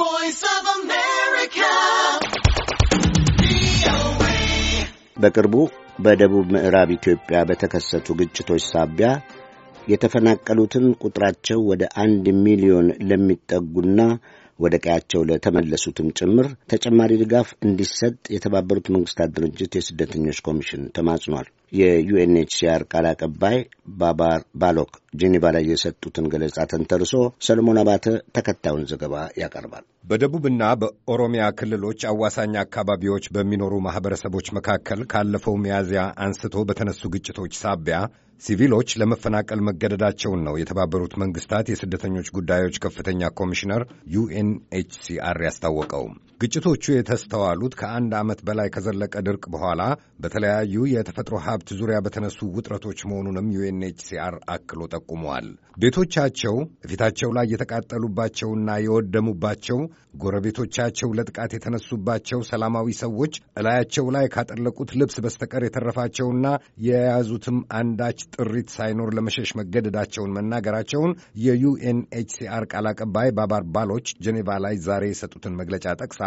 voice በቅርቡ በደቡብ ምዕራብ ኢትዮጵያ በተከሰቱ ግጭቶች ሳቢያ የተፈናቀሉትን ቁጥራቸው ወደ አንድ ሚሊዮን ለሚጠጉና ወደ ቀያቸው ለተመለሱትም ጭምር ተጨማሪ ድጋፍ እንዲሰጥ የተባበሩት መንግስታት ድርጅት የስደተኞች ኮሚሽን ተማጽኗል። የዩኤንኤችሲአር ቃል አቀባይ ባባር ባሎክ ጄኔቫ ላይ የሰጡትን ገለጻ ተንተርሶ ሰለሞን አባተ ተከታዩን ዘገባ ያቀርባል። በደቡብና በኦሮሚያ ክልሎች አዋሳኝ አካባቢዎች በሚኖሩ ማኅበረሰቦች መካከል ካለፈው ሚያዝያ አንስቶ በተነሱ ግጭቶች ሳቢያ ሲቪሎች ለመፈናቀል መገደዳቸውን ነው የተባበሩት መንግስታት የስደተኞች ጉዳዮች ከፍተኛ ኮሚሽነር ዩኤንኤችሲአር ያስታወቀው። ግጭቶቹ የተስተዋሉት ከአንድ ዓመት በላይ ከዘለቀ ድርቅ በኋላ በተለያዩ የተፈጥሮ ሀብት ዙሪያ በተነሱ ውጥረቶች መሆኑንም ዩኤንኤችሲአር አክሎ ጠቁመዋል። ቤቶቻቸው ፊታቸው ላይ የተቃጠሉባቸውና የወደሙባቸው፣ ጎረቤቶቻቸው ለጥቃት የተነሱባቸው ሰላማዊ ሰዎች እላያቸው ላይ ካጠለቁት ልብስ በስተቀር የተረፋቸውና የያዙትም አንዳች ጥሪት ሳይኖር ለመሸሽ መገደዳቸውን መናገራቸውን የዩኤንኤችሲአር ቃል አቀባይ ባባር ባሎች ጄኔቫ ላይ ዛሬ የሰጡትን መግለጫ ጠቅሳ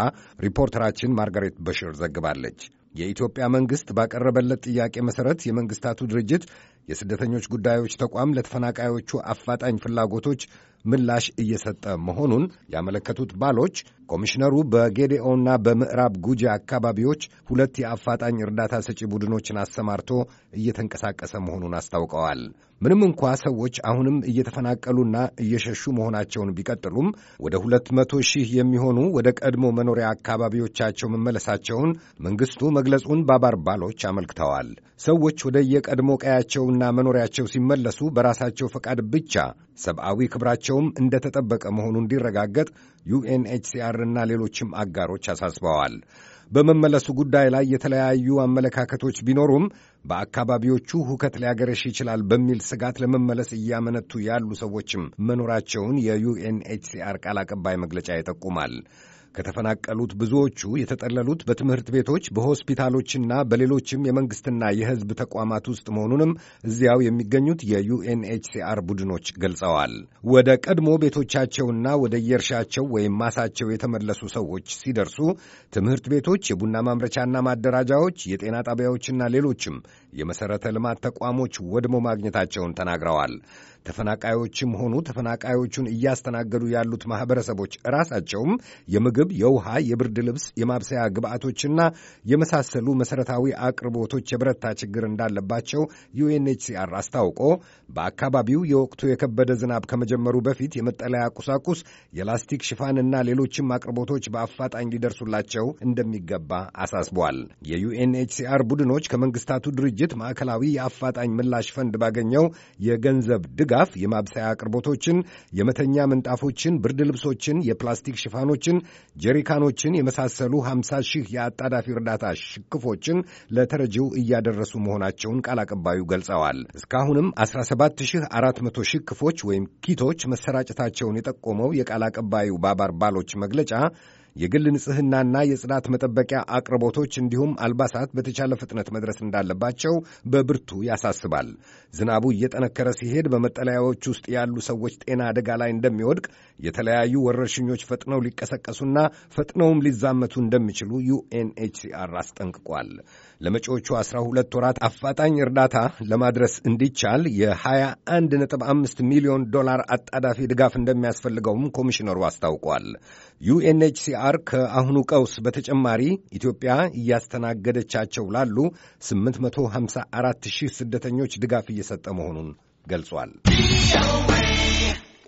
ሪፖርተራችን ማርጋሬት በሽር ዘግባለች። የኢትዮጵያ መንግሥት ባቀረበለት ጥያቄ መሠረት የመንግሥታቱ ድርጅት የስደተኞች ጉዳዮች ተቋም ለተፈናቃዮቹ አፋጣኝ ፍላጎቶች ምላሽ እየሰጠ መሆኑን ያመለከቱት ባሎች ኮሚሽነሩ በጌዴኦና በምዕራብ ጉጂ አካባቢዎች ሁለት የአፋጣኝ እርዳታ ሰጪ ቡድኖችን አሰማርቶ እየተንቀሳቀሰ መሆኑን አስታውቀዋል። ምንም እንኳ ሰዎች አሁንም እየተፈናቀሉና እየሸሹ መሆናቸውን ቢቀጥሉም ወደ ሁለት መቶ ሺህ የሚሆኑ ወደ ቀድሞ መኖሪያ አካባቢዎቻቸው መመለሳቸውን መንግሥቱ መግለጹን ባባር ባሎች አመልክተዋል። ሰዎች ወደ የቀድሞ ቀያቸውና መኖሪያቸው ሲመለሱ በራሳቸው ፈቃድ ብቻ ሰብአዊ ክብራቸውም እንደተጠበቀ መሆኑ እንዲረጋገጥ ዩኤንኤችሲአር እና ሌሎችም አጋሮች አሳስበዋል። በመመለሱ ጉዳይ ላይ የተለያዩ አመለካከቶች ቢኖሩም በአካባቢዎቹ ሁከት ሊያገረሽ ይችላል በሚል ስጋት ለመመለስ እያመነቱ ያሉ ሰዎችም መኖራቸውን የዩኤንኤችሲአር ቃል አቀባይ መግለጫ ይጠቁማል። ከተፈናቀሉት ብዙዎቹ የተጠለሉት በትምህርት ቤቶች፣ በሆስፒታሎችና በሌሎችም የመንግሥትና የሕዝብ ተቋማት ውስጥ መሆኑንም እዚያው የሚገኙት የዩኤንኤችሲአር ቡድኖች ገልጸዋል። ወደ ቀድሞ ቤቶቻቸውና ወደ የእርሻቸው ወይም ማሳቸው የተመለሱ ሰዎች ሲደርሱ ትምህርት ቤቶች፣ የቡና ማምረቻና ማደራጃዎች፣ የጤና ጣቢያዎችና ሌሎችም የመሠረተ ልማት ተቋሞች ወድሞ ማግኘታቸውን ተናግረዋል። ተፈናቃዮችም ሆኑ ተፈናቃዮቹን እያስተናገዱ ያሉት ማኅበረሰቦች ራሳቸውም የምግብ፣ የውሃ፣ የብርድ ልብስ፣ የማብሰያ ግብዓቶችና የመሳሰሉ መሠረታዊ አቅርቦቶች የብረታ ችግር እንዳለባቸው ዩኤንኤችሲአር አስታውቆ በአካባቢው የወቅቱ የከበደ ዝናብ ከመጀመሩ በፊት የመጠለያ ቁሳቁስ፣ የላስቲክ ሽፋንና ሌሎችም አቅርቦቶች በአፋጣኝ ሊደርሱላቸው እንደሚገባ አሳስቧል። የዩኤንኤችሲአር ቡድኖች ከመንግስታቱ ድርጅት ድርጅት ማዕከላዊ የአፋጣኝ ምላሽ ፈንድ ባገኘው የገንዘብ ድጋፍ የማብሰያ አቅርቦቶችን፣ የመተኛ ምንጣፎችን፣ ብርድ ልብሶችን፣ የፕላስቲክ ሽፋኖችን፣ ጀሪካኖችን የመሳሰሉ 50 ሺህ የአጣዳፊ እርዳታ ሽክፎችን ለተረጂው እያደረሱ መሆናቸውን ቃል አቀባዩ ገልጸዋል። እስካሁንም 17400 ሽክፎች ወይም ኪቶች መሰራጨታቸውን የጠቆመው የቃል አቀባዩ ባባር ባሎች መግለጫ የግል ንጽህናና የጽዳት መጠበቂያ አቅርቦቶች እንዲሁም አልባሳት በተቻለ ፍጥነት መድረስ እንዳለባቸው በብርቱ ያሳስባል። ዝናቡ እየጠነከረ ሲሄድ በመጠለያዎች ውስጥ ያሉ ሰዎች ጤና አደጋ ላይ እንደሚወድቅ የተለያዩ ወረርሽኞች ፈጥነው ሊቀሰቀሱና ፈጥነውም ሊዛመቱ እንደሚችሉ ዩኤንኤችሲአር አስጠንቅቋል። ለመጪዎቹ 12 ወራት አፋጣኝ እርዳታ ለማድረስ እንዲቻል የ21.5 ሚሊዮን ዶላር አጣዳፊ ድጋፍ እንደሚያስፈልገውም ኮሚሽነሩ አስታውቋል። ዩኤንኤችሲአር ዩኤንኤችሲአር ከአሁኑ ቀውስ በተጨማሪ ኢትዮጵያ እያስተናገደቻቸው ላሉ 854 ሺህ ስደተኞች ድጋፍ እየሰጠ መሆኑን ገልጿል።